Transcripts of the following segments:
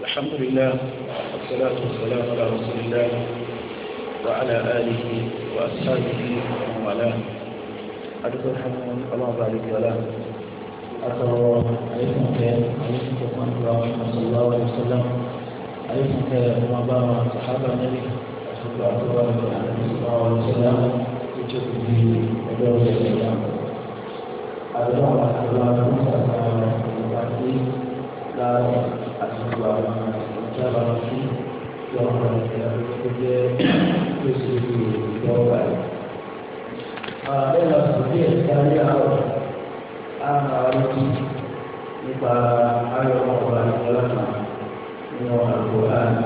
الحمد لله والصلاة والسلام على رسول الله وعلى آله وأصحابه ومن والاه أدعو الحمد الله بارك له أتى الله عليكم خير عليكم تكون الله صلى الله عليه وسلم عليكم خير وما بارك صحابة النبي صلى الله عليه وسلم يجب به ودور الإسلام أدعو الله عليه لا gbogbo àwọn ọ̀tá bá wọn sí kí wọn máa ń tẹ̀lé tó jẹ́ tó ṣe fi ìjọ wà yìí. ààrẹ lọ sí bí ẹ̀ka ní àárọ̀ á máa rí kí nípa ayọ̀ ọ̀pọ̀ àìsàn nínú àgbo àná.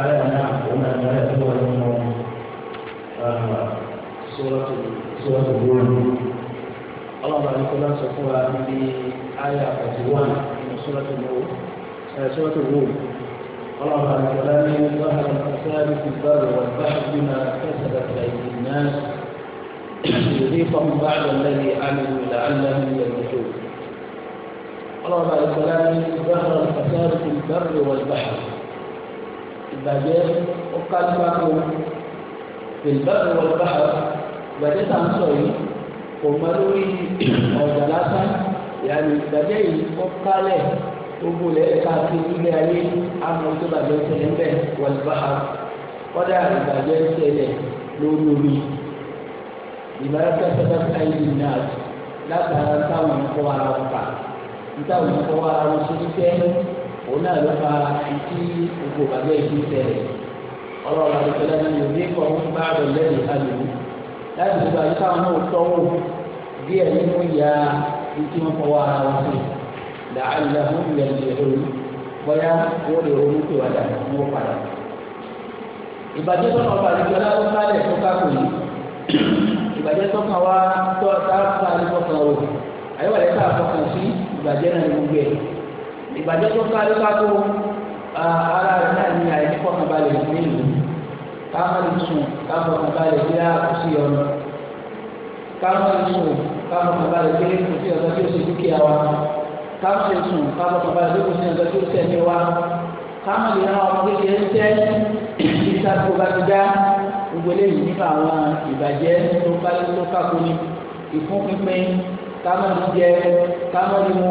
ayọ̀ náà kò náà ní ayọ̀ tó wà nínú sọ́ọ́tù sọ́ọ́tù bọ́ọ̀lù. ọlọ́run àti kọ́lá sọ fún wa níbi ayọ̀ àkọ́tù wà nínú sọ́ọ́tù bọ́ọ̀lù. سورة الروم قال على كلامه ظهر الفساد في البر والبحر بما كسبت أيدي الناس ليذيقهم بعد الذي عملوا لعلهم يرجعون قال على كلامه ظهر الفساد في البر والبحر بعدين يعني وقال kájú في البر والبحر بعدين tá à أو ثلاثة يعني بعدين وقال lórí gbogbo ilẹ̀ ẹ̀ka àti ilé ayé àmọ́ tó bàjẹ́ sẹ̀lẹ̀ ń bẹ̀ wọ́n bá a kọ́dà ìbàjẹ́ sẹ̀lẹ̀ lórí omi ìbáraká sábà káyé náà látara táwọn ọkọ ara wọn fà nítawọn ọkọ ara wọn ṣe níṣẹ́ òun náà ló fa ìdí gbogbo bàjẹ́ ìdí sẹ̀lẹ̀ ọlọ́run àdìsẹ́lẹ̀ náà yóò ní kọ́ wọn bá rẹ̀ lẹ́yìn alùpùpù láti gbogbo àyíká wọn náà tọ́wọ́ díẹ̀ nínú ìyá ìdí wọn fọwọ́ ara wọn fẹ́ la'allahum yarji'un bóyá wọ́n lè ronú pé wàdà wọ́n padà. ìbàjẹ́ tọ́nà ọba àdìgbò aláwọ̀ sálẹ̀ tó kákò yìí ìbàjẹ́ tọ́kàn wá tọ́ sáfà nípọ̀kan o àyẹ̀wòlẹ́ tá a fọkàn sí ìbàjẹ́ náà ní gbogbo ẹ̀ ìbàjẹ́ tó ká ló ká tó ara rẹ̀ náà ní àyè nípọ̀kan balẹ̀ ní ìlú káfọ́n sùn káfọ́n balẹ̀ bí a kò sí ọ̀nà káfọ́n sùn káfọ́n balẹ̀ bí a kò sí ọ̀nà tí ó sì dúkìá wa káṣe sùn káṣọ bàbá ìlú ní ọjọ́ tó tẹ̀lé wa kámẹ́lì náà ọmọ kékeré ń tẹ́ ìta tó bá ti dá gbogbo eléyìí nípa àwọn ìbàjẹ́ tó bá ti tó kákó ni ìfúnpínpín kámẹ́lì jẹ kámẹ́lì mu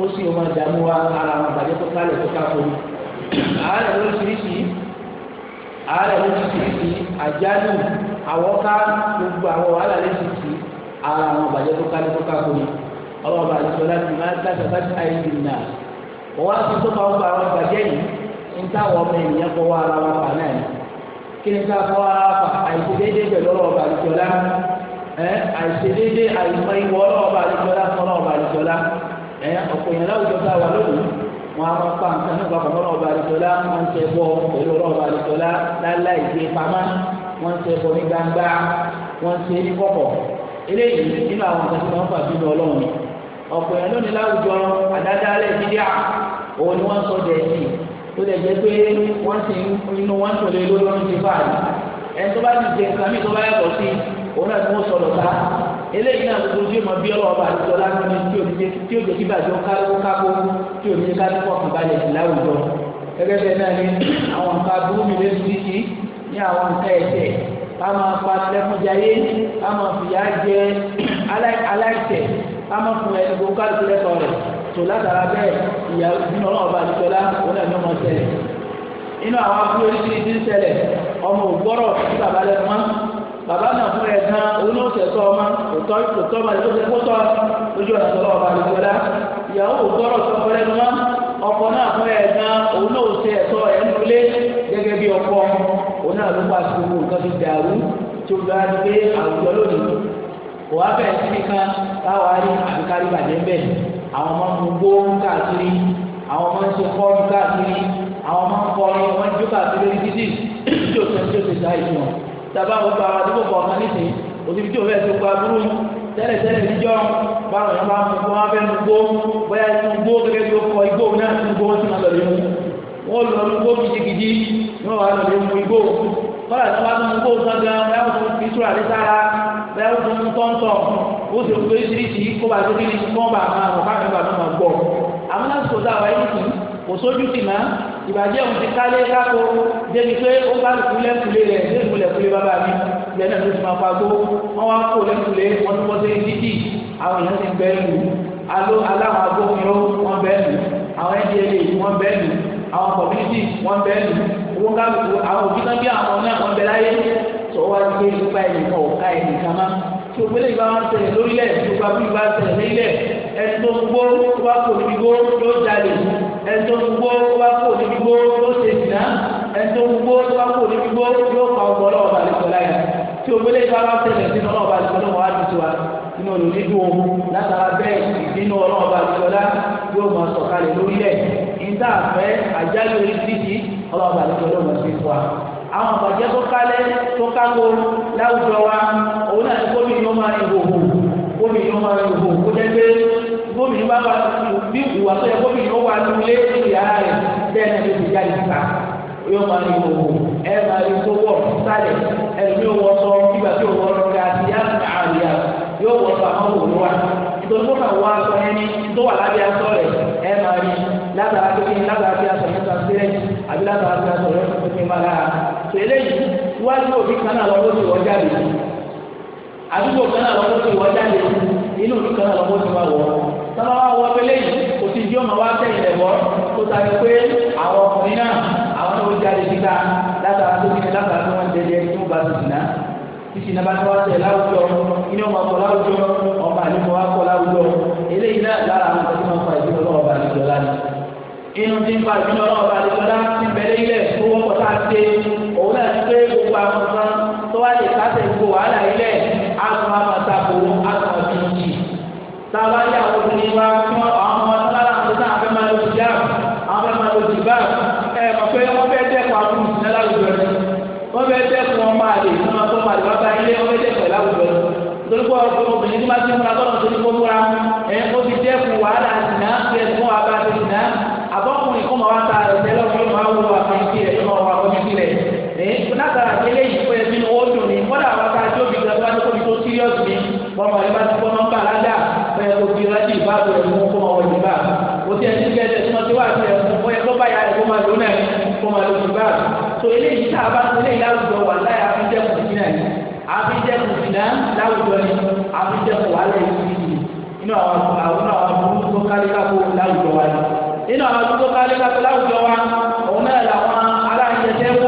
ó sì ọmọ ìdààmú wa ara àwọn ìbàjẹ́ tó kálẹ̀ tó kákó ni. àárẹ̀ lóríṣiríṣi àárẹ̀ lóríṣiríṣi àjálù àwọ̀ká gbogbo àwọn wàhálà lóríṣiríṣi ara àwọn ìbàjẹ́ tó kálẹ̀ tó kákó ni ọlọ́wọ́ bá aṣọ láti máa dáṣà láti àìsí nà wọ́n wá sí tó máa ń gba àwọn bàjẹ́ yìí ń táwọn ọmọ ènìyàn fọwọ́ ara wa fà náà ni kí ni ká fọwọ́ ara fà àìsí déédéé pẹ̀lú ọlọ́wọ́ bá aṣọ lá ẹ àìsí déédéé àìmọ ìwọ ọlọ́wọ́ bá aṣọ lá fún ọlọ́wọ́ bá aṣọ lá ẹ ọ̀pọ̀ èèyàn láwùjọ tá a wà lónìí wọn a máa pa nǹkan nípa pọ̀ ọlọ́wọ́ bá aṣọ lá wọn ń tẹ bọ pẹ̀lú ọlọ́wọ́ bá aṣọ lá láláì gbé pamá wọn ń tẹ bọ ní gbangba wọn ń ní kọ̀kọ̀ eléyìí nínú àwọn nǹkan tí wọn fà sínú ọlọ́run ọ̀pọ̀ yẹn lónìí láwùjọ àdádálẹ̀ dídíà òun ni wọ́n sọ dẹ̀ẹ̀sì tó lè jẹ́ pé wọ́n ti inú wọn tó lé lórí wọn ti báyìí ẹni tó bá ti jẹ nǹkan mi tó bá yàtọ̀ sí òun náà ni wọ́n sọ̀rọ̀ ká eléyìí náà gbogbo tí mo bí ọlọ́wọ́ bá ti sọ lásán ní tí òní tí òjò kí bàjọ́ kákó kákó tí òní ká ní pọ̀kì balẹ̀ sí láwùjọ gẹ́gẹ́ bẹ́ẹ̀ náà ni àwọn nǹkan aburú mi lé síkì ní àwọn nǹkan ẹ̀ṣẹ̀ ká máa pa lẹ́kúnjayé ká máa fìyà jẹ aláìṣẹ̀ kámọ́ fún ẹ gbogbo kálukú lẹ́tọ̀ rẹ̀ tó látara bẹ́ẹ̀ ìyá nínú ọlọ́ọ̀bá àdìsọ́lá òun náà ni ọmọ ṣẹlẹ̀ inú àwọn akúrò oríṣiríṣi ń ṣẹlẹ̀ ọmọ ògbọ́rọ̀ sí bàbá lẹ́nu mọ́ bàbá náà fún ẹ̀ gan onóòṣẹ̀ tọ́ ọmọ òtọ́ òtọ́ ọmọ àdìsọ́lá kó tọ́ lójú ọ̀nà tọ́lọ́ ọba àdìsọ́lá ìyàwó ògbọ́rọ̀ sí ọkọ lẹ́nu mọ́ ọkọ náà fún ẹ̀ gan onóòṣẹ̀ ẹ̀tọ́ ẹ̀ ń kulé gẹ́gẹ́ bí ọkọ òun náà ló bá ti gbogbo nǹkan fi dàrú tó gba pé àwùjọ lónìí kò wá bẹ́ẹ̀ sí nìkan táwa rí àbíkárí bàjẹ́ bẹ́ẹ̀ àwọn ọmọ ń gbó káàkiri àwọn ọmọ ń ṣe fọ́ọ̀mù káàkiri àwọn ọmọ ń kọrin ọmọ ń jó káàkiri lórí títì tí o tẹ̀ tí o tẹ̀ sáà ìṣù wọn tàbá gbogbo àwọn àdúgbò kọ̀ọ̀kan nísìnyí òsibí tí o fẹ́ẹ́ tó gba burú tẹ́lẹ̀tẹ́lẹ̀ níjọ́ báwọn yẹn bá ń gbó wọn fẹ́ẹ́ gbó bóyá ń gbó gẹ́gẹ́ bí o kọ igbó náà ń gbó wọn sì máa lọ lé mu wọn lọ igbó gidigidi wọn wà lọ lé mu igbó kọ́lá bẹ́ẹ̀ ó tún tọ́ntọ́ ó sì gbé ṣíríṣì kó bá tó kíni kó bá máa rọ̀ káàkiri bá máa gbọ́ àwọn láti kò dáwà yìí kì kò sójú tì má ìbàjẹ́ òun ti kálé káko débi pé ó bá kulẹ̀ kulẹ̀ rẹ̀ débi kulẹ̀ bàbá mi ìyẹn ló ti máa fa gbó wọ́n wá kó lẹ́ wọ́n ti pọ́sẹ́ títì àwọn èèyàn ti bẹ́ẹ̀ lù alo aláwọn agbófinró wọ́n bẹ́ẹ̀ lù àwọn ndla wọ́n bẹ́ẹ̀ lù àwọn community wọ́n bẹ́ẹ̀ lù owó kálukú àwọn òbí náà bí àwọn náà wọ́n bẹ́ẹ̀ láyé tó wá gbé nípa ẹnìkan ọ̀ka ẹnìkan má tí òpèlè ìbá wọn tẹ̀lé lórílẹ̀ tí òpá bí ìbá tẹ̀lé nílẹ̀ ẹni tó ń gbó wá kó níbi gbó ló jalè ẹni tó ń gbó wá kó níbi gbó ló ṣe sìnà ẹni tó ń gbó wá kó níbi gbó ló fa ọgbọ ọlọ́wọ́ balẹ̀ sọ̀lá yẹn tí òpèlè ìbá wọn tẹ̀lé sínú ọlọ́wọ́ balẹ̀ sọ̀lá wọn á ti tiwa inú olùdíjú ohun látara bẹ́ẹ̀ ìdínú ọlọ́run bá tiọ́lá yóò máa sọ̀kalẹ̀ lórí ẹ̀ àjálù orí títí ọlọ́run bá tiọ́lá máa fi fún wa àwọn àbàjẹ́ tó kálẹ̀ tó kákó láwùjọ wa òun náà ní gómìnà ó máa rìn hòhò gómìnà ó máa rìn hòhò kó jẹ́ pé gómìnà bá wà bí ìwà tó yẹ gómìnà ó wà nílé ìyára rẹ̀ bẹ́ẹ̀ náà ló ti jáde síta yóò máa rìn hòhò ẹ máa rìn tó wọ̀ sálẹ̀ ẹ̀mí ò wọ́ sọ nígbà tí ò wọ́ lọ ká sí àríyá yóò wọ́ sọ àwọn òwúrọ̀ nítorí tó kà wá sọ ẹni tó wà lábẹ́ aṣọ rẹ̀ ẹ máa rìn látara aṣọ yẹn ta aṣọ yẹn tẹ̀lé yìí iwájú òbí kan náà lọ́wọ́ ti wọ́n jáde àdúgbò kan náà lọ́wọ́ ti wọ́n jáde inú òbí kan náà lọ́wọ́ ti wọ́n wọ́ sábà wá wọ́ pẹ́lẹ́ yìí kò sí yóò máa wá tẹ̀yìn rẹ̀ wọ́ tó ta ni pé àwọn ọkùnrin náà àwọn náà ó jáde síta látara tó ti látara tó wọ́n jẹjẹ tó bá ti sìnà títí nàbà tó wá tẹ̀ láwùjọ inú ọmọ kọ láwùjọ ọmọ àdúgbò wá kọ láwùjọ eléyìí náà lára àwọn tó ti máa fa ìdíwọ́ lọ́wọ́ bá ti jọ lánàá inú ti ń fa ìdíwọ́ lọ́wọ́ bá ti jọ ti bẹ̀rẹ̀ ilẹ̀ tó wọ́pọ̀ tá a ti dé náà ní pé gbogbo àwọn kan tó wá lè kásẹ̀ gbogbo wàhálà ilẹ̀ àtún àmàtàkù àtún àbíyí. táwa yà wọ́n ti wá fún àwọn ọmọ sálára tó náà fẹ́ máa lọ sí àwọn fẹ́ máa lọ sí ẹ mọ̀ pé wọ́n fẹ́ dẹ́kun àbúrò sílẹ̀ láwùjọ rẹ̀ wọ́n fẹ́ dẹ́kun ọmọ àlè ọmọ tó máa lè wọ́n fẹ́ dẹ́kun láwùjọ rẹ̀ torí pé obìnrin ẹ látara délé yìí pé ẹbí ni wọ́n dùn ní wọ́n dà wọ́n ká jó bí gbàgbọ́ wá nípa tó sírìọ́sì ni wọ́n mọ̀ ẹ bá ti fọ́ nọ́mbà ládà pé ẹ kò fi rántí ìbáàbò ẹ̀ fún kó máa wọ ìbá o ti ẹni kẹ́ ẹ tó ti wá àti ẹ̀ fún ẹ kó bá ya ẹ kó máa lò náà kó máa lò ìbá so eléyìí tá a bá ti lé láwùjọ wà láyà àfijẹ́kù ìdínà yìí àfijẹ́kù ìdínà láwùjọ ni àfijẹ́kù wà lẹ́yìn ìdí inú àwọn àwọn àwọn àbúrò tó kálí kákó láwùjọ wa ni inú àwọn àbúrò tó kálí kákó láwùjọ wa òun náà làwọn aláǹjẹsẹ́ w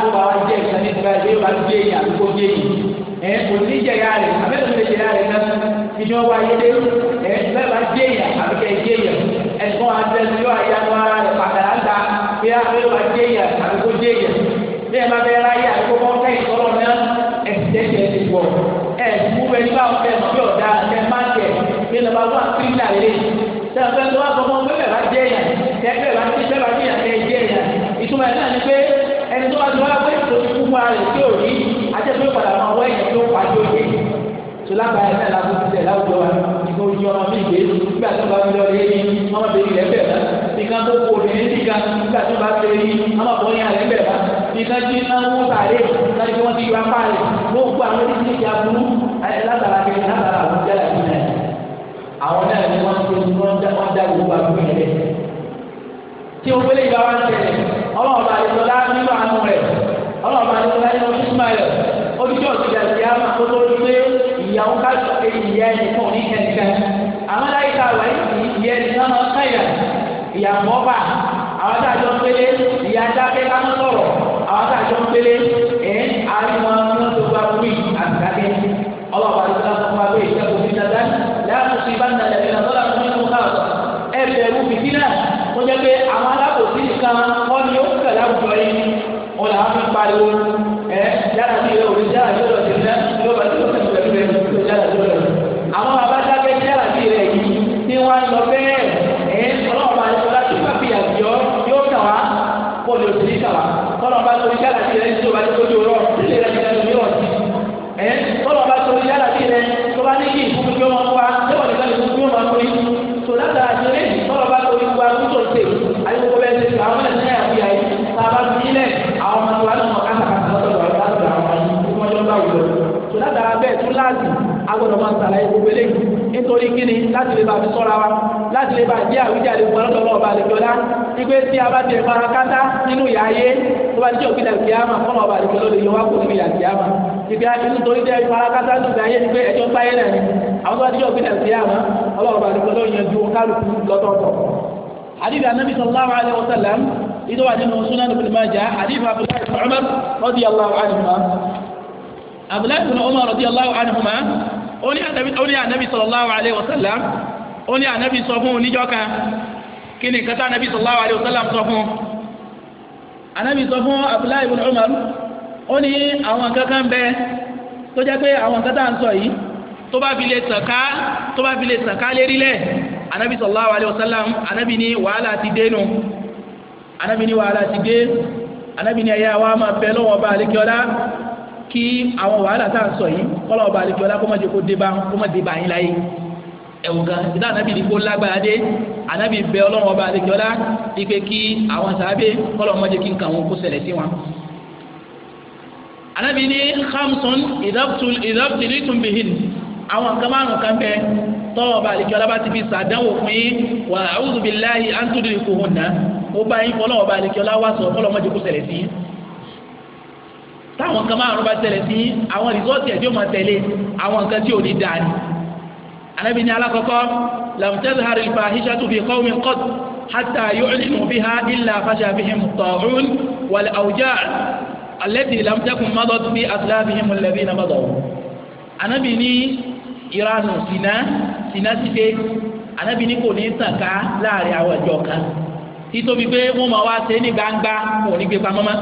tó bá wá jẹ́ ìsàn nípa ẹ̀ yóò bá jẹ́ èyí àdúgbò jẹ́ èyí ẹ̀ kò ní jẹ́ ya rẹ̀ abẹ́rẹ́ tó lè jẹ́ ya rẹ̀ náà ìdí wọn wáyé dé ẹ̀ bẹ́ẹ̀ bá jẹ́ èyí àbíkẹ́ jẹ́ èyí ẹ̀sùn àtẹ̀sí yóò àyà tó ara rẹ̀ pàtàkì àgbà bí a fẹ́ wá jẹ́ èyí àdúgbò jẹ́ èyí bí ẹ bá bẹ ráyè àdúgbò kọ́ kẹ́yìn tọ́lọ̀ náà ẹ̀sìtẹ́sì ti wọ̀ ẹ̀ mú bẹ nípa ọ̀fẹ́ mọ̀ bí ọ̀dà ẹ̀ má jẹ bí ẹ bá wà sí ìlà rẹ̀ tẹ̀ ọ̀fẹ́ tó wà sọ fún bẹ́ẹ̀ bá jẹ́ èyí tẹ́ bẹ́ẹ̀ bá jẹ́ èyí ìtumọ̀ ẹ̀ náà ni pé ẹni tó bá ti wá wé tó ti kú fún ara rẹ̀ tí ò rí ajẹ́pẹ́ padà máa wá ẹ̀yìn tó pàdé òye tó lábàá ẹ̀ náà lágbo ti tẹ̀ láwùjọ wa ìgbà ojú ọmọ mi gbé nígbà tó bá fi lọ rí ẹni ọmọ bèbí rẹ̀ bẹ̀ bá nìkan tó kó obìnrin nìkan nígbà tó bá fi rí ọmọ bọ̀ yàn rẹ̀ bẹ̀ bá nìkan tí náà wọ́n sàré láti fi wọ́n ti yọ apá rẹ̀ wọ́n gbọ́ àwọn ẹni tí ìjà burú ọlọ́run bá yẹn lọ́la nínú àánú rẹ̀ ọlọ́run bá yẹn lọ́la nínú sísúmà rẹ̀ oníjọ́ ìdílé àti àmà tó tó ní pé ìyàwó ká ìyá ẹni fún òní kẹ̀kẹ́ àwọn láyé ká wà ìyá ẹni náà máa kẹ̀yà ìyàwó ọba àwọn tá a jọ ń pélé ìyá dákẹ́ ká mọ́ sọ̀rọ̀ àwọn tá a jọ ń pélé ẹ̀ àríwá náà tó gba àgbàgbé ọlọ́run bá fún wa pé ìjẹ́kùn ní sí ìbánilẹ̀ ẹ̀rọ lọ́la fún mi pariwo ẹ yàrá bí pé tí a bá tẹ fara kátá nínú ìyá ayé tó bá jẹ́ òkúta kìáma kọ́nà ọba àdìgbò lóde yọ wá kó nínú ìyá kìáma ibi inú torí tẹ fara kátá nínú ìyá ayé ni pé ẹjọ́ báyé náà ni àwọn tó bá jẹ́ òkúta kìáma ọlọ́ọ̀ba àdìgbò lóde yẹn ju kálukú lọ́tọ̀ọ̀tọ̀. àdìgbà anábì sallallahu alaihi wasallam إذا بعد أنه سنن بن ماجه حديث عبد الله بن عمر رضي الله عنهما عبد الله بن عمر رضي الله عنهما أولي النبي صلى الله عليه وسلم أولي النبي صلى الله عليه وسلم kí ni nǹkan tá anabi sallallahu alayhi wa sallam sọ fún anabi sọ fún abdullahi ibn umar ó ní àwọn kankan bẹ tó jẹ́ pé àwọn nǹkan tá à ń sọ yìí tó bá fi lè tàn ká tó bá fi lè tàn ká lérí lẹ̀ anabi sallallahu alayhi wa sallam anabi ní wàhálà ti dé nu anabi ní wàhálà ti dé anabi ní ẹ̀yà wa máa bẹ lọ́wọ́ ọba àlekíọ́lá kí àwọn wàhálà tá à ń sọ yìí kọ́lọ́ ọba àlekíọ́lá kó má jẹ́ kó dé bá yín láyé ẹ̀wọ̀n gan ibi táwọn anábì ní kó lágbára dé anábì bẹ ọlọ́run ọba àdéjọ́lá ipe kí àwọn sàábé kọ́lọ́ mọ́jẹ́ kí nǹkan wọn kó ṣẹlẹ̀ sí wọn. anábì ní hamsun ìdábùtìlì tùmbìhìn àwọn kan márùn kan bẹ tọ́wọ́ ọba àdéjọ́lá bá ti fi sàdánwò fún yín wà áwùdù bíláyì àǹtúndì kò hùn náà ó bá yín fọlọ́wọ́ ọba àdéjọ́lá wá sọ kọ́lọ́ mọ́jẹ́ kó ṣẹlẹ̀ sí táwọn kan márùn bá ṣẹlẹ̀ sí àwọn rìsọ́ọ̀tì ẹ̀ tí ó máa tẹ̀lé àwọn nǹkan tí ò ní dáa ni anabi ni alakoko lam tazhar al-fahishatu fi qawmin qad hatta yu'linu biha illa fasha bihim at-ta'un wal awja' allati lam takun madat fi aslafihim alladhina madaw anabi ni iranu sina sina sise anabi ni kò ní tàn ká láàrin àwọn ìjọ kan títóbi pé wọn máa wá ṣe ní gbangba wọn ò ní gbé pamọ́ mọ́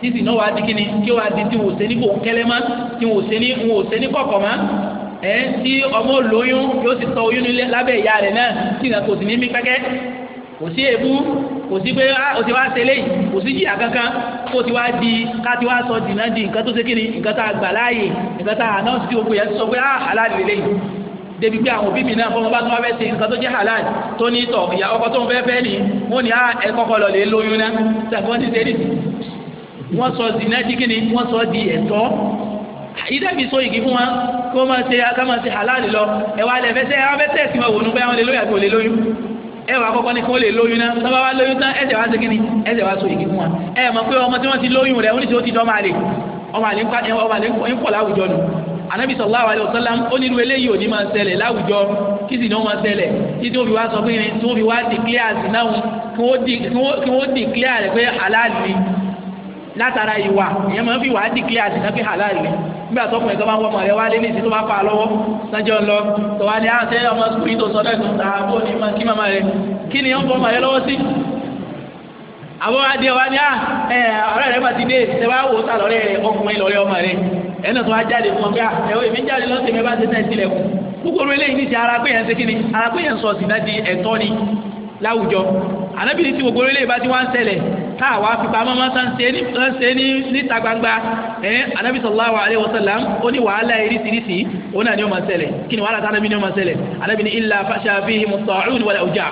títí náà wá di kíni kí wọ́n di tí wọ́n ò ṣe ní kò ń kẹ́lẹ́ mọ́ tí wọ́n ò ṣe ní ẹ̀ ń tí ọmọ lóyún yóò ti tọ́ oyún lábẹ́ ìyá rẹ̀ náà tí ìrìnà kò sì ní mí pẹ́kẹ́ kò sí èébú kò sí pé ó ah, ti wá ṣẹlẹ̀ yìí kò sí jìyà kankan kó ti wá di ká ti wá sọ dìnnà di nǹkan tó ṣe kiri nǹkan tá a gbà láàyè nǹkan tá a náà ti gbogbo yẹn sọ pé á ah, halal lélẹ̀ yìí débi pé àwọn òbí mi náà fọwọ́n bá tún wá fẹ́ ṣe nǹkan tó jẹ́ halal tó ní tọ̀ ìyá ọkọ tó ń fẹ́ fẹ́ ni wọ́n ní á ah, ẹ kọ́kọ́ lọ lè lóyún náà sàkóńtì tẹ́lẹ̀ wọ́n sọ dìnnà di kíni wọ́n sọ di ẹ̀tọ́ ìdẹ́bi so igi fún wa kí wọ́n máa ṣe ká máa ṣe halal lọ ẹ wá lẹ fẹsẹ̀ ẹ wá fẹsẹ̀ sí ma wò nùgbẹ́ àwọn lè lóyún àti òlè lóyún ẹ wà kọ́kọ́ ní kí wọ́n lè lóyún náà tọ́ba wa lóyún tán ẹsẹ̀ wá segin ni ẹsẹ̀ wá so igi fún wa ẹ mọ̀ pé ọmọ tí wọ́n ti lóyún rẹ̀ oníṣẹ́ ó ti dán máa lè ọmọ àlè ń pọ̀ láwùjọ nù anabi sallallahu alayhi wa sallam ó nílùú eléyìí ò ní máa ṣẹlẹ̀ láwùjọ kí sì ní wọ́n máa ṣẹlẹ̀ kí tí wọ́n fi wá sọ pé kí wọ́n fi wá declare àti náà kí wọ́n declare rẹ̀ pé halal ni látara ìwà ìyẹn máa ń fi wàá dìklẹ́ àti náà fi halal ni nígbà a fún ẹ tó bá ń wọ ọmọ rẹ wá lé ní ìsìn tó bá fà á lọ́wọ́ sanjọ́ ń lọ tó wá ní àṣẹ ah, ọmọ sùkúrú yìí tó sọ náà tó ta àbó ní ma kí màmá rẹ kí ni wọ́n fọ ọmọ rẹ lọ́wọ́ sí. àbọ̀ adé wa ni ah, ẹ ọ̀rẹ́ rẹ bàtí dé ṣe wá wò ó sà lọ́rẹ́ rẹ ọkùnrin lọ́rẹ́ ọmọ rẹ ẹnà tó wá jáde fún ọ pé ah, ẹ wọ́n èmi jáde lọ́sẹ̀ mi bá ṣe tẹ̀ sílẹ̀ kù kúkúrú eléyìí ní ti ara pé yẹn ń ṣe kí ni ara pé yẹn ń sọ ọ̀sìn náà di ẹ̀tọ́ ni láwùjọ ànábìrì tí gbogbo eléyìí bá ti wá ń ṣẹlẹ̀ káàwá fipá mọ́mọ́ tán ṣe ní níta gbangba ẹ̀ anabi sallallahu alayhi wa sallam ó ní wàhálà irisirisi òun náà ni ó máa ṣẹlẹ̀ kí ni wàhálà tá anabi ni ó máa ṣẹlẹ̀ anabi ni illa fasha fihi musta'un wala uja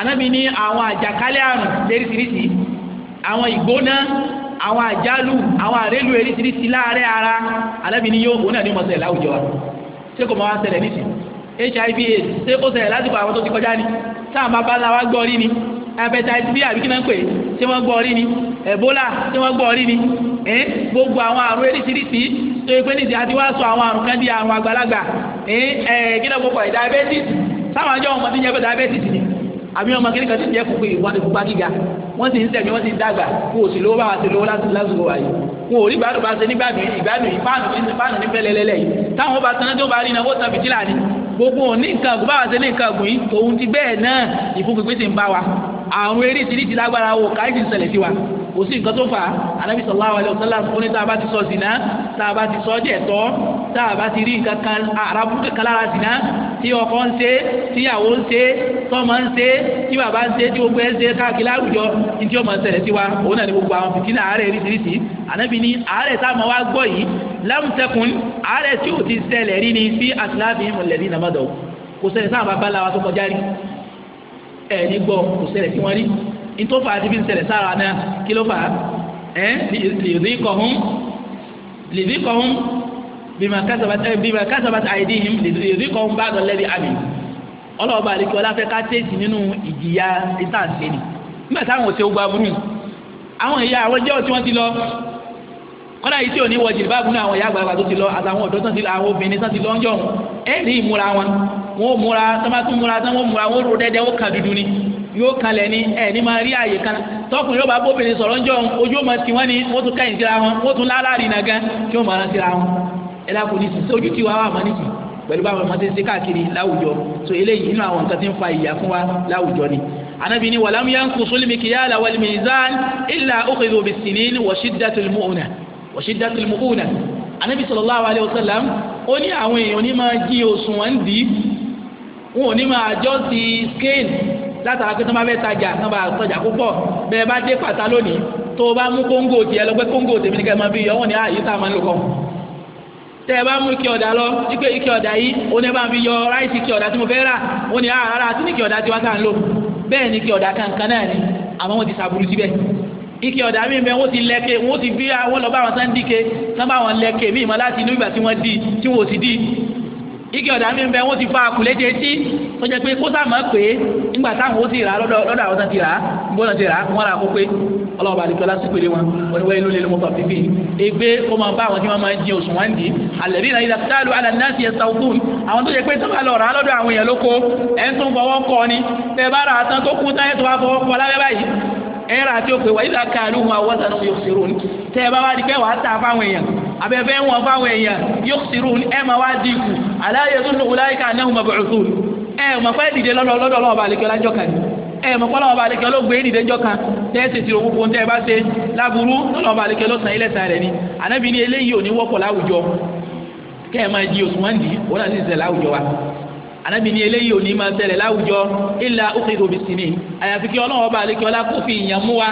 anabi ni àwọn àjàkálẹ̀ àrùn lérísirísi àwọn ìgbóná àwọn àjálù àwọn àrélu eríṣiríṣi láàárẹ̀ ara alábi ni yóò òun náà ní ọmọ ṣẹlẹ̀ láwùjọ wa ṣé kò máa wá ṣẹlẹ̀ nísìn hiv ṣé kò ṣẹlẹ̀ lásìkò àwọn tó ti kọjá ni sáà máa bá ńlá gbọ́ rí ni hepatitis b àbí kí náà ń pè tí wọ́n gbọ́ rí ni Ebola tí wọ́n gbọ́ rí ni ẹ́ gbogbo àwọn àrùn eréṣiríṣi tó yẹ pé níbi àti wá sọ àwọn àrùn kan di àrùn àgbàlagbà ẹ́ ẹ́ kí ló gbogbo ẹ̀ diabetes táwọn àjọ ọmọ ti ń jẹ́ pé diabetes ni àbí ọmọ kiri kan ti ń jẹ́ kókó ìwà ìfúnpá gíga wọ́n ti ń sẹ̀mí wọ́n ti ń dàgbà kó o sì lówó bá wa ti lówó lásìkò wa yìí wọn ò rí gbàdùn bá ṣe nígbàdùn yìí ìgbàdùn yìí fáànù ní fáànù ní fẹlẹlẹlẹ yìí táwọn bá tán bá rí náwó tán fìtílà ni gbogbo òní nǹkan àgùn bá wa ṣe ní nǹkan àgùn yìí òun ti bẹ́ẹ̀ náà ìfúnpínpín ti ń bá wa àrùn eré ìtìlítì lágbára wò káyìí ti ṣẹlẹ̀ sí wa kò sí nǹkan tó fà á anabi sallallahu alaihi wasallam fún ní tá a bá ti sọ zina tá a bá ti sọ jẹ tọ tá a bá ti rí nǹkan kan arabu kankan lára zina tí ọkọ ń ṣe tíyàwó ń ṣe tọmọ ń ṣe tí bàbá ń ṣe tí gbogbo ẹ ń ṣe káàkiri àwùjọ ní tí ó máa ń ṣẹlẹ̀ sí wa òun náà ni gbogbo àwọn fìtínà àárẹ̀ ìrísìírísìí anabi ní àárẹ̀ tá a máa wá gbọ́ yìí lámùtẹ́kùn àárẹ̀ tí ò ti ṣẹlẹ̀ rí ni fi àtìláàbí mọ̀lẹ́bí nàmọ́dọ̀ kò ṣẹlẹ̀ sáà bá bá la wa tó kọjá rí ẹni gbọ́ kò ṣẹlẹ̀ sí wọn rí ntọ́fà àti bí ń ṣẹlẹ̀ sára náà kí ló fà á ẹ́ lèvi kọ̀hún lèvi kọ̀hún bima kasabat aidihim lèvi kọ̀hún bá dọ̀ lẹ́bi àmì ọlọ́ọ̀bà àdìkí ọlá fẹ́ ká tẹ̀sí nínú ìjìyà ìtànṣe ni nígbà táwọn ò ṣe gbọ́ aburú àwọn ìyá àwọn jẹ́ ọtí wọ́n ti lọ kọ́dà yìí tí ò ní wọ jìlbáàbù náà àwọn ìyá àgbàlagbà tó ti lọ àtàwọn ọ̀dọ́ wọn ò múra tọ́mátì múra tọ́mátì múra wọn ò rò dẹ́dẹ́ ó kàn dúdú ni yóò kalẹ̀ ni ẹ̀ ní máa rí àyè kan tọkùnrin yóò bá bóbìnrin sọ̀rọ̀ ń jọ ojú ọmọ tí wọ́n ní wọ́n tún kẹ́yìn síra wọn wọ́n tún lálàrí iná gan kí wọ́n máa síra wọn ẹ lákò ní sísè ojú tí wàá wà mọ́ nìyí pẹ̀lú báwọn ọmọ tí ń ṣe káàkiri láwùjọ so eléyìí inú àwọn nǹkan tí ń fa ìyà fún wa láwùjọ ni anabi ni wàlámù yẹn ń kó sólì mikiyala wal mizan illa ukhidhu bisinin wa shiddatil mu'una wa shiddatil mu'una anabi sallallahu alayhi wa sallam ó ní àwọn èèyàn ní máa jí òṣùwọ̀n dì í wọn ò ní máa adjust scale látara pé tó máa fẹ́ tajà tó máa tọjà púpọ̀ bẹ́ẹ̀ bá dé pàtà lónìí tó o bá mú kóńgò tiẹ̀ lọ pé kóńgò tèmi ni kẹ́ẹ̀ máa fi yọ wọ́n ní àyè ah, tá a máa ń lò kọ́ tẹ ẹ bá mú ike ọ̀dà lọ ike ike ọ̀dà yìí òun ẹ bá fi yọ ráìsì ike ọ̀dà tí mo fẹ́ rà òun ah, ni ara àti ní ike ọ̀dà tí wọ́n kà ń lò bẹ́ẹ̀ ni ike ọ̀dà kankan náà ni àmọ́ wọ́n ti sàbùrù síbẹ̀ ike ọ̀dà mi bẹ́ẹ̀ wọ́n ti lẹ́kẹ̀ wọ́n ti bí wọ́n lọ bá wọn sáńdíke sábà wọn lẹ́kẹ̀ mí ìmọ̀ láti inú ìgbà tí wọ́n di tí wọ́n ti di igi ọ̀dà mi ń bẹ wọ́n ti fa àkùlé dé etí ó jẹ́ pé kó sàmọ́ pé ńgbà táwọn ó ti rà lọ́dọ̀ àwọn ti rà gbọ́dọ̀ ti rà wọ́n rà kó pé ọlọ́ọ̀bà àdìgbò lásìpele wọn oníwẹ́ inú lè ló mọ́tò fífi egbe kó máa bá àwọn tí wọ́n máa ń di oṣù wọn dì àlẹ́bí náà ìdàkútàlù alànàṣì ẹ̀sà òkun àwọn tó jẹ́ pé sábà lọ lọ́dọ̀ àwọn èèyàn lóko ẹ̀ ń tún fọwọ́ kọ ni tẹ bá rà á tó kú táyé tó bá fọwọ́ kọ lábẹ́ báyìí ẹ̀ rà á tí ó pè wá wọn àwọn ọ̀sán abẹ́fẹ́ wọn fáwọn èèyàn yóò sírù ẹ máa wá di ikú aláyé tó lòun láyé káà náà mọ̀bọ̀ ọ̀tún ẹ mọ̀ pé dìde lọ́dọ̀ lọ́wọ́ balẹ̀kẹ́ lájọ́ kan ẹ mọ̀ pé lọ́wọ́ balẹ̀kẹ́ ló gbé dìde jọ́ kan tẹ́sí ti owó fún tẹ́ ẹ bá ṣe láburú lọ́wọ́ balẹ̀kẹ́ ló san ilẹ̀ sàn rẹ̀ ni ànábì ní eléyìí ò ní wọ́pọ̀ láwùjọ kẹ́ ẹ máa di òṣùwọ̀ndì òun náà sì ṣẹlẹ̀ láwùjọ wa ànábì ní eléyìí ò máa ṣẹlẹ̀ láwùjọ ilà òkèèrè òbí sí ni àyàfi kí ọlọ́wọ́ balẹ̀kẹ́ ọlá kó fi ìyàn mú wa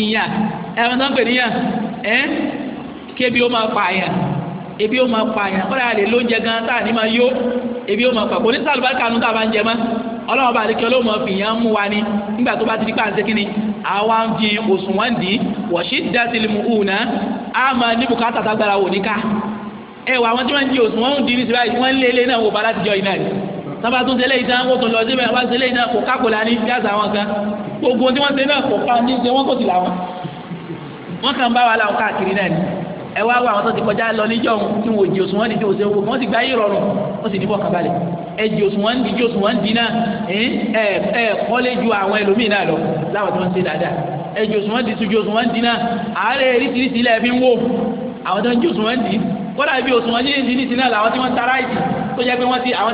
ìyàn ẹ̀rọ náà kébi ó máa pààyàn ebi ó máa pààyàn ó dáa lè lóúnjẹ gan tá à ní máa yó ebi ó máa pa kò ní sàlùbáríkà nu tá a bá ń jẹ mọ́ ọlọ́run bá àdékẹ́ ló mọ̀ fìyàn mú wa ni nígbà tó bá ti di pé à ń ṣe kínni àwa ń fi òṣùwọ̀n dì í wọ̀ṣí dátìlì mu hù náà á máa ní bùkátà tágbára wò níká ẹ wà àwọn tí wọ́n ń di òṣùwọ̀n ń di ní síbáyì wọ́n ń lé ilé náà wò bá láti jọ iná rẹ̀ sábà tún ṣẹlẹ̀ ìtàn wọ́n tún lọ síbẹ̀ wọ́n ṣẹlẹ̀ ìtàn kò kákòlá ní bí àṣà wọn kan gbogbo tí wọ́n ṣe náà kò ká ní ẹ wá wá àwọn tó ti kọjá lọ níjọ́ tí wọn ò jì òṣùwọ̀n dídí òṣèlú gbogbo wọn ti gbá yìí rọrùn wọn sì ní bọ̀ kábàlẹ̀ ẹ jì òṣùwọ̀n dídí òṣùwọ̀n dín náà ẹ ẹ kọ́lé ju àwọn ẹlòmíì náà lọ láwọn tó ń ṣe dáadáa ẹ jì òṣùwọ̀n dín sójú òṣùwọ̀n dín náà àárẹ̀ eréṣiríṣi ilẹ̀ fi ń wò àwọn tó ń jì òṣùwọ̀n dín kódà bí òṣùwọ̀n dín ní ti náà làwọn tí wọ́n ta ráìsì tó jẹ́ pé wọ́n àwọn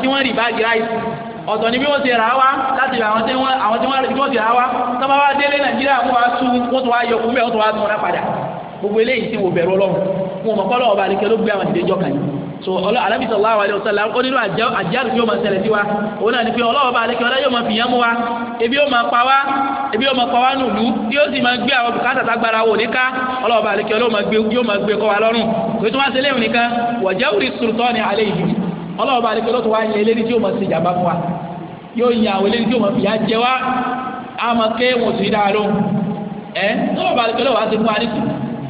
tí wọ́n rì gbogbo eléyìí ti wò bẹ̀rù ọlọ́run wọn mọ̀ kọ́lọ́ ọba àdìkẹ́ ló gbé àwọn ìdíjọ́ kan yìí so alábi sallallahu alaihi wasallam ó nínú àjálù tí ó máa ṣẹlẹ̀ sí wa òun náà ni pé ọlọ́wọ́ bá àdìkẹ́ ọlá yóò máa fìyàn mú wa ebi yóò máa pa wá ebi yóò máa pa wá nùlú yóò sì máa gbé àwọn bùkátà tágbára wò ní ká ọlọ́wọ́ bá àdìkẹ́ yóò máa gbé kọ́ wa lọ́rùn pé tí wọ́n ṣe léwu nìkan wọ̀jẹ́ òrì sultani alayhim ọlọ́wọ́ bá àdìkẹ́ lọ́tọ̀ wá yẹ eléyìí tí ó máa ṣe ìjàmbá fún wa yóò yẹ àwọn eléyìí tí ó máa fìyà jẹ wá àmọ́ ké wọn ò sì dáa lóhùn ẹ ọlọ́wọ́ bá àdìkẹ́ lọ́wọ́ á ti fún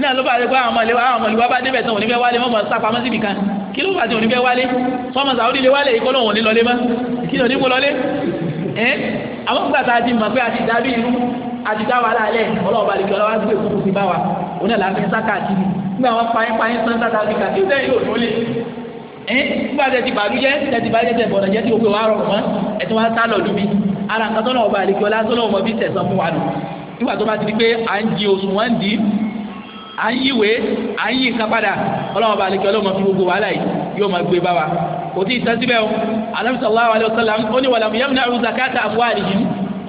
ní àlọ́bà rẹ̀ pé àwọn ọmọ ìlú wa bá débẹ̀ tán òní fẹ́ wálé mọ́mọ́ sápamọ́ síbi kan kí ló fà tí òní fẹ́ wálé sọmọ sàwọ́dí lè wálé ìkọ́ lóhùn òní lọlé mọ́ kí ni òní kó lọlé ẹ́ àwọn gbà tá a ti mọ̀ pé a ti dábì irú a ti dá wa lálẹ́ ọlọ́ọ̀bà lè kí ọlọ́wà gbé òkú sí bá wa òní àlàáfíà sáka wa rọrùn náà ọba àlejò ọlá tó náà mọ bí tẹ̀sán fún wa ti di pé à ń di à ń yíwèé à ń yí nǹkan padà ọlọ́wọ́ bá alẹ́ kí ọlọ́wọ́ máa fi gbogbo wàhálà yìí yóò máa gbé bá wa kò tí ì tán síbẹ̀ o Ànábì sallallahu alaihi wasallam ó ní wàlàmù yẹ́mú náà zakata amwalihim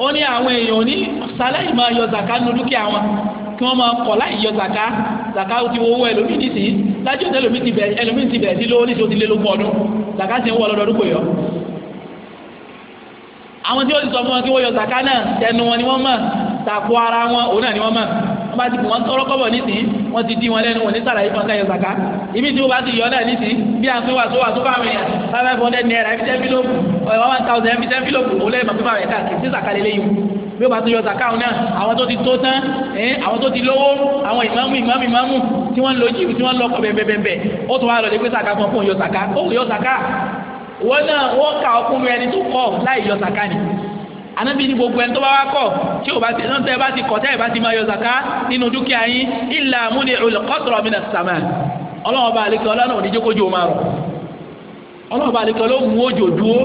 ó ní àwọn èèyàn ní sálẹ̀ máa yọ zaka nu dúkìá wọn kí wọ́n máa kọ̀ láì yọ zaka zaka ti wo owó ẹlòmíì nìsí lájọ́ ẹlòmíì ti bẹ̀ẹ́ ẹlòmíì ti bẹ̀ẹ́ sí lówó nìsí ó ti lé lógún ọdún zaka ti ń wọ lọ́dọọdún kò yọ àwọn tí ó ti sọ fún wọn kí wọ́n yọ zaka náà tẹnu wọn ni bá ti bù wọ́n tọrọ kọ́bọ̀ nísìnyí wọ́n ti di wọn lẹ́nu wọn ní sàlàyé fún ọ̀gáyọ̀ zaka ibi tí wọ́n bá ti yọ náà nísìnyí bí a fi wà tó wà tó bá wọn yà five hundred naira ẹbí tẹ́bí ló one thousand ẹbí tẹ́bí ló kò lẹ́yìn màgbé bàrẹ̀ káàkiri sí sàkálẹ̀ lẹ́yìn bí wọ́n bá ti yọ zaka wọn náà àwọn tó ti tó tán àwọn tó ti lówó àwọn ìmáàmù ìmáàmù ìmáàmù tí wọ́n lọ jìbù tí wọ́n lọ kọ̀ bẹ̀bẹ̀bẹ̀ ó tún wá lọ lé pé sàkà fún yọ sàkà ó yọ sàkà wọ́n náà wọ́n kà ọkùnrin ẹni tó kọ̀ láì yọ sàkà ni anabi ní gbogbo ẹni tó bá wá kọ̀ tí o bá ti tẹ́ ẹ bá ti kọ̀ tẹ́ ẹ bá ti máa yọ zaka nínú dúkìá yín ilà múni olùkọ́sọ̀rọ̀ mi nà sàmà ọlọ́wọ́n bá alekẹ́ ọlọ́run ò ní jókòó jò máa rọ̀ ọlọ́wọ́n bá alekẹ́ ọlọ́run mú òjò dúró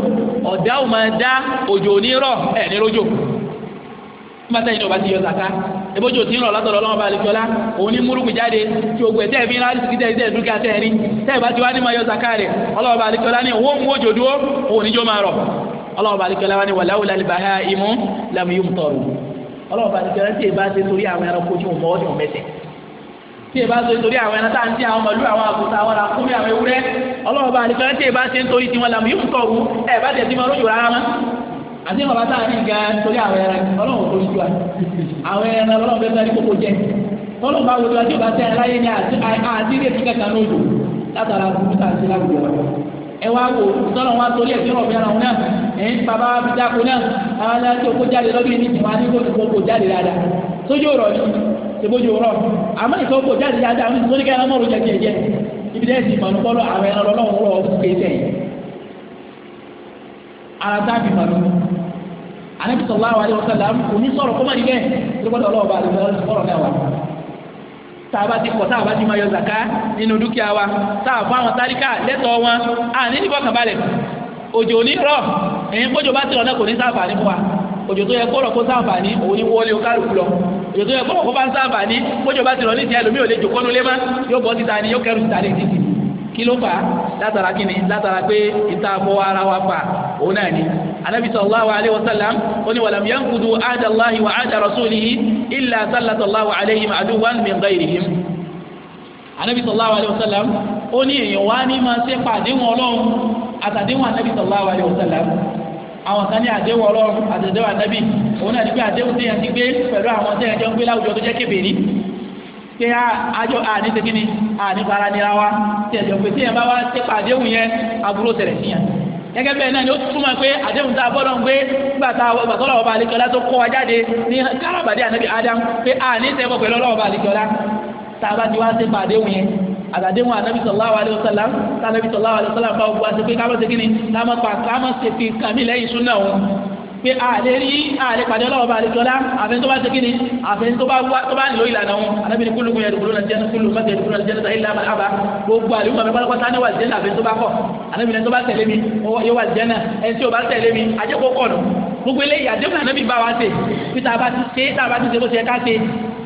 ọ̀dá ò máa dá òjò onírọ̀ ẹ̀ níròjò mbata yìí ni o bá ti yọ zaka ebójú òtí ńlọ látọ̀dọ̀ ọlọ́wọ́n bá alekẹ́ ọlá òun ní múrùkù jáde tí o gbẹ tẹ́ẹ̀ bí ńlá tẹ́ẹ̀ tẹ́ẹ̀ dúkìá tẹ́ẹ̀ ní tẹ́ẹ̀ bá ti wá ní máa yọ zaka rẹ̀ ọlọ́wọ́n bá alekẹ́ ọlá ní òun mú òjò dúró òun níjó máa rọ̀ ọlọ́wọ́ bá alikẹ́lá wa ni wàlẹ́ wòlẹ́ alibahá imú lẹ́mu yóò tọrọ ọlọ́wọ́ bá alikẹ́lá tí èyí bá ṣe torí àwọn ẹranko tí mo mọ́ ọdún mẹ́tẹ̀ tí èyí bá ṣe torí àwọn ẹran táǹtí àwọn màlúù àwọn àgùntàn àwọn àkúrí àwọn ewúrẹ́ ọlọ́wọ́ bá alikẹ́lá tí èyí bá ṣe torí tiwọn lẹ́mu yóò tọrọ ẹ̀ bá tẹ̀ sí lójú rárá àti ìwà bàtà ní torí àwọn ẹran ọlọ́run ẹ wá wò sọlọ wa torí ẹ fẹràn ọbẹ ara wọn náà ẹ ń bàbá wa fi dáko náà àwọn náà tó kó jáde lọ́dún yìí wọn á ní kó kó jáde dáadáa sójú rọ ni sèbójú rọ àmọ́ ìtọ́ kó jáde dáadáa àwọn ìtọ́ ní kẹ́hìn ọmọ rẹ jẹ jẹjẹ ibi dẹ́sì ìmọ̀nù kọ́lọ́ àwọn ẹran lọ́wọ́ wọ́n wọ́n ké sẹ́yìn tàbá ti pọ̀ tàbá ti máa yọ zaka nínú dúkìá wa tàbá àwọn tálíkà lẹ́tọ̀ọ́ wọn àní ní bọ́kànbalẹ̀ òjò ní rọ̀ ẹ̀yin kójò bá ti rọ̀ náà kò ní sáfà ní fún wa òjò tó yẹ kó rọ̀ kó sáfà ní òun ní wọlé okálùkù lọ òjò tó yẹ kó rọ̀ kó bá ń sáfà ní kójò bá ti rọ̀ ní ìdí ẹlòmíì ò lè jòkó nulẹ̀ mọ́ yóò bọ́ síta ni yóò kẹrù síta lè títì kí látara kí látara pé ìta wa fà òun anabi sallallahu alayhi wa sallam ó ní wàlám yankudu adalahi wa ada rasulihi illa sallallahu alayhi wa aduwan min ghayrihim anabi sallallahu alayhi wa sallam ó ní èèyàn wá ní máa ṣe pàdéhùn ọlọ́run àtàdéhùn anabi sallallahu alayhi wa sallam àwọn kan ní àdéhùn ọlọ́run àtàdéhùn anabi òun náà ní pé àdéhùn téèyàn ti gbé pẹ̀lú àwọn téèyàn jọ ń gbé láwùjọ tó jẹ́ kébèrè pé àjọ àní tẹ́kíní àní faranira wa tẹ̀sán pé téèyàn bá wá ṣe pàdéhùn yẹn aburú tẹ̀rẹ̀ síyàn gẹ́gẹ́ bẹ́ẹ̀ náà ni ó túmọ̀ pé àdéhùn tá a bọ́lọ̀ ń gbé nígbà tá a gbàtọ́ lọ́wọ́ bá alikọ́lá tó kọ́ wa jáde ní káràbàdé ànábì Adam pé a ní sẹ́kọ̀ pẹ̀lú ọlọ́wọ́ bá alikọ́lá tá a bá ti wá sí pàdéhùn yẹn àtàdéhùn ànábì sallallahu alaihi wasallam tá ànábì sallallahu alaihi wasallam bá gbogbo àti pé ká má ṣe kíni ká má pa ká má ṣe fi kàmí lẹ́yìn súnà òun pé àlè rí àlè pàdé ọlọ́wọ́ bá àlejòlá àfẹn tó bá ṣe kíni àfẹn tó bá wá tó bá nílò ìlànà wọn alábìíní kúlùkù yẹn dùkúlù náà jẹ́nu kúlù mọ́tẹ́ dùkúlù náà jẹ́nu sáyé lámà àbá gbogbo àlè wọn bá pátá níwájú jẹ́nu àfẹn tó bá kọ̀ anabi náà tó bá tẹ̀lé mi yóò wà jẹ́nà ẹni tí o bá tẹ̀lé mi ajẹ́kọ̀ọ́ kọ̀ nù gbogbo eléyìí àdéhùn anabi bá wa ṣe bí tá a bá ti ṣe tá a bá ti ṣe bó ṣe ká ṣe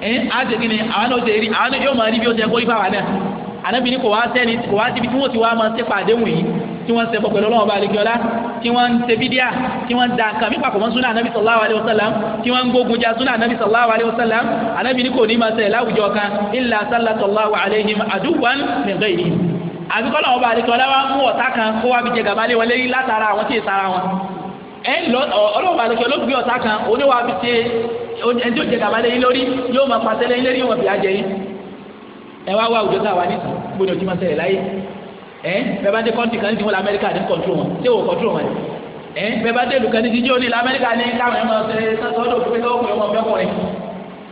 ẹ̀ á ṣe kíni àwọn náà ó ṣe rí àwọn yóò máa rí bí ó ṣe kó ifá wa náà anabi ni kò wá sẹ́ni kò wá síbi tí wọ́n ti wá máa ṣe pàdéhùn yìí tí wọ́n ń ṣe pọ̀pẹ̀lú ọlọ́wọ́ balẹ̀kíọ́lá tí wọ́n ń ṣe bídíà tí wọ́n ń da nǹkan mípa mọ́ súnà anábì sallallahu alaihi wasallam tí wọ́n ń gbógun ja súnà anábì sallallahu alaihi wasallam anábì ní kò ní máa ṣẹlẹ̀ láwùjọ kan illa sallallahu alaihim aduwan min ghayrihim àbí kọ́lá ọba àdìkọ́ láwa mú ọ̀tá kan kó wá fi jẹ gàba lé wọn léyìn látara àwọn tí ì sara wọn ẹ lọ ọlọ́ọ̀bà àdìkọ́ ló gbé ọ̀tá kan òní wàá fi ṣe ẹni tó jẹ gàba léyìn lórí yóò máa pàṣẹ léyìn lórí wọn fi àjẹ yín ẹ wá wá òjò táwa nìkan gbọdọ̀ tí wọ́n tẹ̀lé láyé ẹ bẹ́ẹ̀ bá dé kọ́ńtì kan ní ti wọn lọ Amẹ́ríkà ní kọ́ńtró wọn ṣé wọ́n kọ́ńtró wọn ẹ bẹ́ẹ̀ bá dé ìlú kan ní ti jóni lamẹ́ríkà ní káwọn ẹ̀mọ́ ṣe sọ́dọ̀ òfin tó kún ẹ̀mọ́ ọ̀fẹ́kùnrin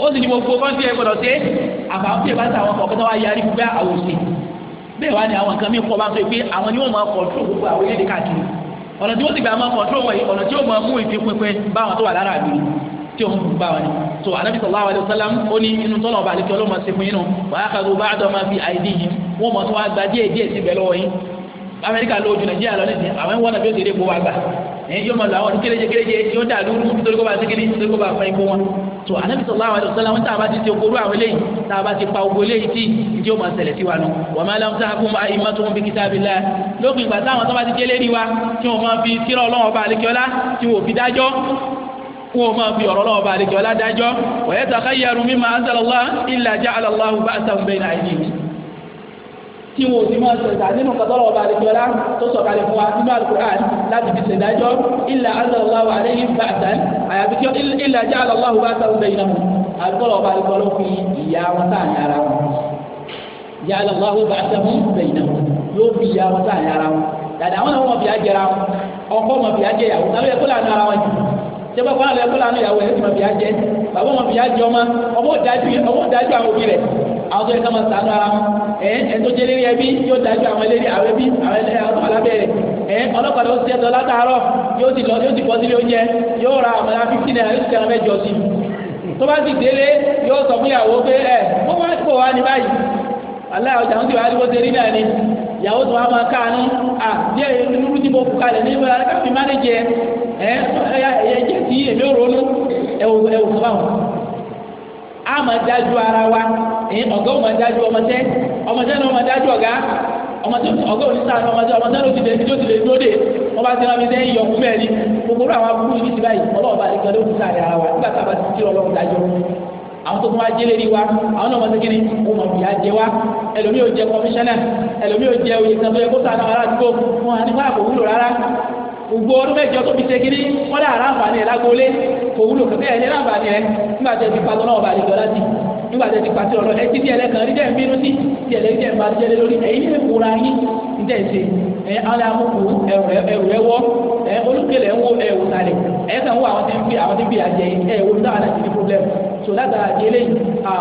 ó sì ní gbogbo kọ́ńtì ẹ̀ gbọdọ̀ ṣe àbáwọ́pẹ̀ bá sàwọn ọ̀kọ́tà wa yarí gbogbo àwòṣe bẹ́ẹ̀ wá ní àwọn nǹkan mi kọ́ bá sọ pé àwọn ni wọ́n máa kọ̀ọ̀tún gbogbo àwọn orílẹ̀ káàkiri ọ̀nà tí wọ́n ti gbà máa kọ̀ọ̀tún wọ̀nyí ọ̀nà tí ó máa mú ìfi pínpín bá àwọn tó wà lára àgbèrè tí ó ń bù bá wọn ni tó anabi sallallahu wa sallam ó ní inú tọ́lọ̀ ọba àlekẹ́ ọlọ́mọ sí fún yín nù wà á kàdó bá àdọ́ máa fi àìdí yìí wọ́n mọ̀ tó wá gba díẹ̀ díẹ̀ sí bẹ́ẹ̀ lọ́wọ́ yín amẹ́ríkà lójú nàìjíríà lọ àwọn ẹ̀wọ́n nàbí ó ti dé gbowó àgbà ẹ̀yin eh, yóò máa lọ àwọn ọdún kéréje kéréje yóò dà lóru nítorí kó bá ṣe kíní nítorí kó bá fẹ́ ikú wọn. tó anabi sallallahu alaihi wasallam tá a bá ti ti ogoru àwọn eléyìí tá a bá ti pa ogo eléyìí tí ìdí ó máa ṣẹlẹ̀ sí wa nù. wa ma lam tahkum a'immatuhum bi kitabillah lópin ìgbà táwọn tó bá ti jẹ́lé rí wa tí wọ́n máa fi tírà Ọlọ́run ọba àlekíọ́lá tí wọ́n fi dájọ́ wọn máa fi ọ̀rọ̀ Ọlọ́run ọba àlekíọ́lá dájọ́ wa yatakayyaru tí wọn ò sì máa sẹ̀dá nínú kọ́tọ́lọ́ ọba àdìjọ́lá tó sọ̀kalẹ̀ fún wa nínú alukur'an láti fi ṣèdájọ́ ilà azàlọ́wọ́ àlẹ́yé bá àtàn àyàfi tí ilà jẹ́ àlọ́láhùn bá sáwọn bẹ́yìn náà àgbọ̀lọ̀ ọba àdìjọ́lá fi ìyá wọn sáàyàn ara wọn jẹ́ àlọ́láhùn bá sáwọn bẹ́yìn náà yóò fi ìyá wọn sáàyàn ara wọn dàdà àwọn ọmọ bìí ajẹra wọn ọkọ ọmọ bìí ajẹ yàwó tàbí ẹkọ lànà ara wọn jẹba kọ́ àlọ́ ẹkọ lànà yàwó ẹ̀ ọmọ bìí ajẹ bàbá ọmọ bìí ajẹ ọmọ ọmọ dájú àwọn òbí rẹ̀ àwọn tó yẹ ká ara ẹ ẹ tó ẹbí yóò dájú àwọn eléyìí àwọn ẹbí àwọn ẹlẹ àwọn alábẹrẹ ẹ ọlọ́pàá yóò ti lọ yóò ti bọ́ oúnjẹ yóò ra àmàlà fífi náírà yóò ti tó bá ti délé yóò sọ fún pé ẹ mo máa ń ní báyìí ọjà ti wá ní bó ṣe rí náà ni tó wá máa à díẹ̀ nínú ọ̀gá ọmọ adájú ọmọdé ọmọdé náà ọmọ adájú ọ̀gá ọmọdé ọ̀gá onísàánú ọmọdé ọmọdé ló ti dé tó ti lè dúró dé wọ́n bá ti rán mi sẹ́yìn yọkú bẹ́ẹ̀ ni gbogbo àwọn abúlé yìí ti báyìí ọlọ́ọ̀bá àdìgbà ló ti sáré ara wa nígbà tá a bá ti kí ọlọ́run dájọ́ àwọn tó kún wa jẹlẹ rí wa àwọn náà mọ̀tẹ́kẹ́ ni kò mọ̀ bí a wa ẹlòmíì ò jẹ kọmíṣánná ẹlòmíì ò jẹ oyè gbogbo ọdún mẹ́jọ tó fi ṣe kiri wọn dà ara àǹfààní ẹ lágbolé kò wúlò kẹkẹ ẹ ní ara àǹfààní ẹ nígbà tó ti pa tó náà ọba àdìgbò láti nígbà tẹ́ ti pàṣẹ ọ̀rọ̀ ẹ ti di ẹlẹ́kan rí jẹ́ ń bínú sí ti ẹlẹ́rí jẹ́ ń bá jẹ́ lórí ẹ̀yin lè kóra yín ní tẹ̀ ṣe ẹ alámùkù ẹ̀rù ẹ̀wọ́ ẹ olùkèlè ń wo ẹ̀wù sàlẹ̀ ẹ kàn wọ àwọn tí ń fi àwọn tí ń fi àjẹ ẹ wo náà láti ní problem so látara di eléyìí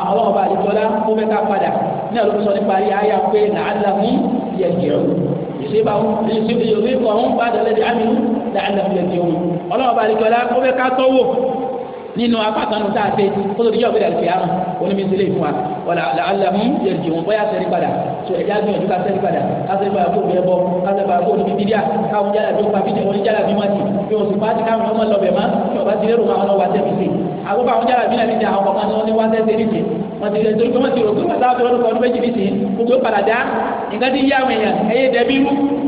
àwọn ọba àdìjọlá ó fẹ́ ká padà ní àlùkò sọ nípa ayé ayé àpé làálàmú yẹ̀kẹ̀rù ìṣèbà ìṣèbà ìṣèbà ìṣèbà ìṣèbà ìṣèbà ìṣèbà ìṣèbà ìṣèbà ìṣèbà nínú apákanu tá a ṣe kó tó di jọ́ gbéra ìfẹ́ àrùn onímísílẹ̀ fún wa wàlà alamu yẹ̀rìjì wọn bóyá sẹ́ni padà tó ẹ̀já gbìyànjú ká sẹ́ni padà ká sẹ́ni padà kó bẹ́ẹ̀ bọ́ ká sẹ́ni padà kó níbi bídíà káwọn jálà bí wọn bídíà wọn jálà bí wọn ti bí wọn sì pàtì káwọn ọmọ lọ bẹ̀ má kí wọn bá ti lérò wọn wá sẹ́ni sí àgbẹ̀fọ́ àwọn jálà bí nàìjíríà àwọn kan ní wá sẹ́ni sí wọ́n ti lè torí kọ́mọ́tì rò kí wọ́n sábà fi ọdún kan ọdún méjì bí sí gbogbo padà dá ti yá àwọn èèyàn ẹ̀yẹ dẹ́bí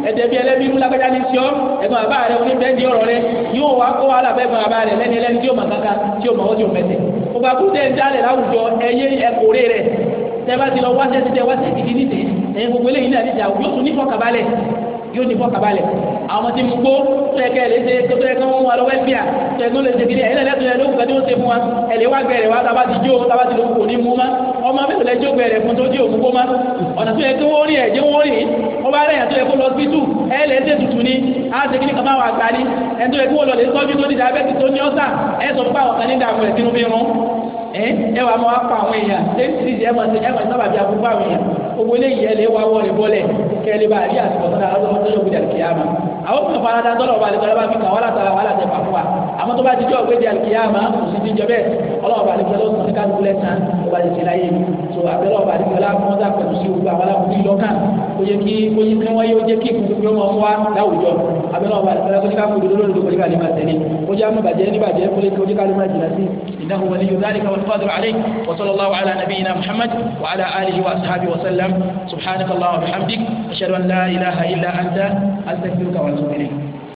ẹ̀dẹ̀ bí ẹlẹ́bí irú lágbájá ní sọ ẹ̀gbọ́n bàbá rẹ oníbẹ̀ ní ọ̀rọ̀ rẹ yóò wá kó wàhálà bẹ́ẹ̀ gbọ́n bàbá rẹ lẹ́ni ẹlẹ́ni tí ó mọ̀ kankan tí ó mọ̀ ó ti ò mẹ́tẹ̀. ọba kú tẹ̀ ń dálẹ̀ láwùjọ ẹyẹ ẹkùnrin rẹ̀ tẹ́ bá ti lọ wáṣẹ́ ti tẹ wáṣẹ́ gidi nídìí ẹ̀yin gbogbo eléyìí náà nídìí àwọn yóò tún nífọ̀ kabalẹ̀ yóò ní fọ́ kabalẹ̀ àwọn tí mo gbó tó yẹ kẹ́ ẹ lè ṣe tó yẹ kẹ́ wọ́n wà lọ́wọ́ ẹ̀fíà tó yẹ kó lè ṣe kiri ẹ̀yin lẹ́tọ́ yẹ ló ó ṣe fún wa ẹ̀lẹ́ wá gbẹ̀rẹ̀ wá tábà ti jó tábà ti lóko ní mú má ọmọ mẹ́tò lẹ́ jó gbẹ̀rẹ̀ fún tó dé òkú kó má ọ̀nà tó yẹ kí wọ́n rí ẹ̀ jẹ́ wọ́n rí ó bá rẹ̀yàn tó yẹ kó lọ sí tù ẹ̀ lẹ́ ṣe tutù ni á ṣe kíni kàmá wà gbani ẹ̀ tó yẹ kó lọ lè tọ́jú tó ní diabetes tó ní ọ́sà ẹ̀ sọ fún àwọn kan ní dààmú ẹ̀ sínú bí rún ẹ wà máa pa àwọn èèyàn lẹ́yìn tí ẹ máa ṣe ẹ máa sábà bí agbófó àwọn èèyàn owó eléyìí ẹ lè wá wọlé bọ́lẹ̀ kẹ́ ẹ lè bá rí àtìkọ́ sọ́dọ̀ àwọn ọmọdé yóò gbé àmọ́ tó bá ti jẹ́ ọ̀gbẹ́dẹ àlùkìyàmá kò sí ti jẹ bẹ́ẹ̀ ọlọ́ọ̀bà àdìgbẹ́ ló sàn ká lulẹ̀ tán tó bá ti ṣe láyé tó àbẹ́lẹ̀ ọ̀bà àdìgbẹ́ láwọn dà pẹ̀lú sí gbogbo àwọn alákùnrin lọ́kàn ó yẹ kí ó yẹ kí wọ́n yóò jẹ́ kí ìkùnkùn yóò máa wá láwùjọ àbẹ́lẹ̀ ọ̀bà àdìgbẹ́ láwọn dà pẹ̀lú lórí kò ní kàlí máa tẹ̀lé ó jẹ́ àmú bàjẹ́ ní bàjẹ́ kó kí ó jẹ́ kàlí máa jìnà sí إنه ولي ذلك والقادر عليه وصلى الله على نبينا محمد وعلى آله وأصحابه وسلم سبحانك اللهم وبحمدك أشهد أن لا إله إلا أنت أستغفرك وأتوب إليك